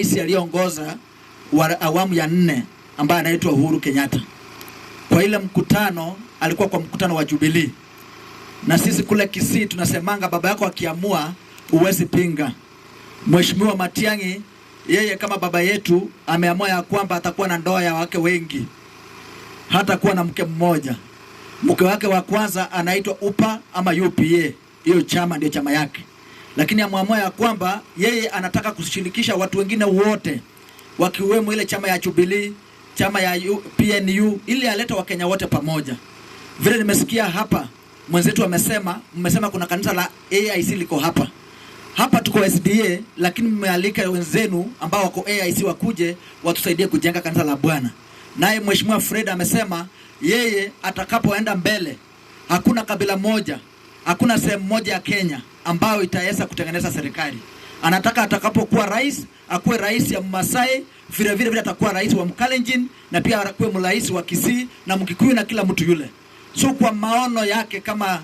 Rais aliyeongoza wa awamu ya nne ambaye anaitwa Uhuru Kenyatta. Kwa ile mkutano alikuwa kwa mkutano wa Jubilee, na sisi kule Kisii tunasemanga baba yako akiamua huwezi pinga. Mheshimiwa Matiang'i, yeye kama baba yetu ameamua ya kwamba atakuwa na ndoa ya wake wengi, hata kuwa na mke mmoja. Mke wake wa kwanza anaitwa UPA ama UPA, hiyo chama ndio chama yake lakini amwamua ya kwamba yeye anataka kushirikisha watu wengine wote wakiwemo ile chama ya Jubilee, chama ya PNU ili alete Wakenya wote pamoja. Vile nimesikia hapa mwenzetu amesema, mmesema kuna kanisa la AIC liko hapa hapa, tuko SDA, lakini mmealika wenzenu ambao wako AIC wakuje watusaidie kujenga kanisa la Bwana. Naye mheshimiwa Fred amesema yeye atakapoenda mbele, hakuna kabila moja, hakuna sehemu moja ya Kenya ambayo itaweza kutengeneza serikali. Anataka atakapokuwa rais akuwe rais ya Masai, vile vile vile atakuwa rais wa Mkalenjin na pia akuwe mrais wa Kisii na Mkikuyu na kila mtu yule. So kwa maono yake kama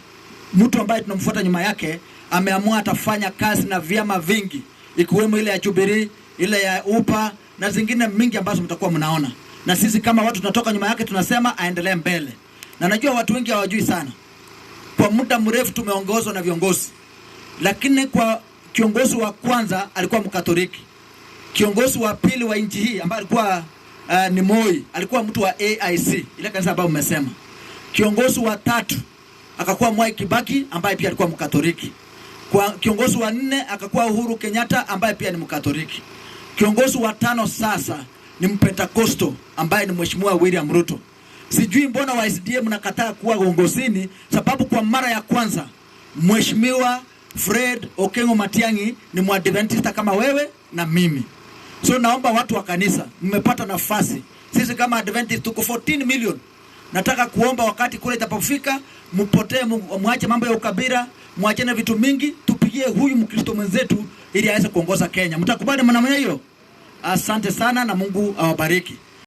mtu ambaye tunamfuata nyuma yake ameamua atafanya kazi na vyama vingi ikiwemo ile ya Jubilee, ile ya Upa na zingine mingi ambazo mtakuwa mnaona. Na sisi kama watu tunatoka nyuma yake tunasema aendelee mbele. Na najua watu wengi hawajui sana. Kwa muda mrefu tumeongozwa na viongozi lakini kwa kiongozi wa kwanza alikuwa Mkatoliki. Kiongozi wa pili wa nchi hii ambaye alikuwa uh, ni Moi alikuwa mtu wa AIC, ile kanisa ambayo umesema. Kiongozi wa tatu akakuwa Mwai Kibaki ambaye pia alikuwa Mkatoliki. Kwa kiongozi wa nne akakuwa Uhuru Kenyatta ambaye pia ni Mkatoliki. Kiongozi wa tano sasa ni Mpentekosto ambaye ni Mheshimiwa William Ruto. Sijui mbona wa SDM nakataa kuwa uongozini, sababu kwa mara ya kwanza Mheshimiwa Fred Okengo Matiangi ni mwadventista kama wewe na mimi. So naomba watu wa kanisa, mmepata nafasi. Sisi kama Adventist tuko 14 million. Nataka kuomba wakati kule itapofika, mpotee, mwache mambo ya ukabila, mwache na vitu mingi, tupigie huyu Mkristo mwenzetu ili aweze kuongoza Kenya. Mtakubali maneno hiyo? Asante sana na Mungu awabariki.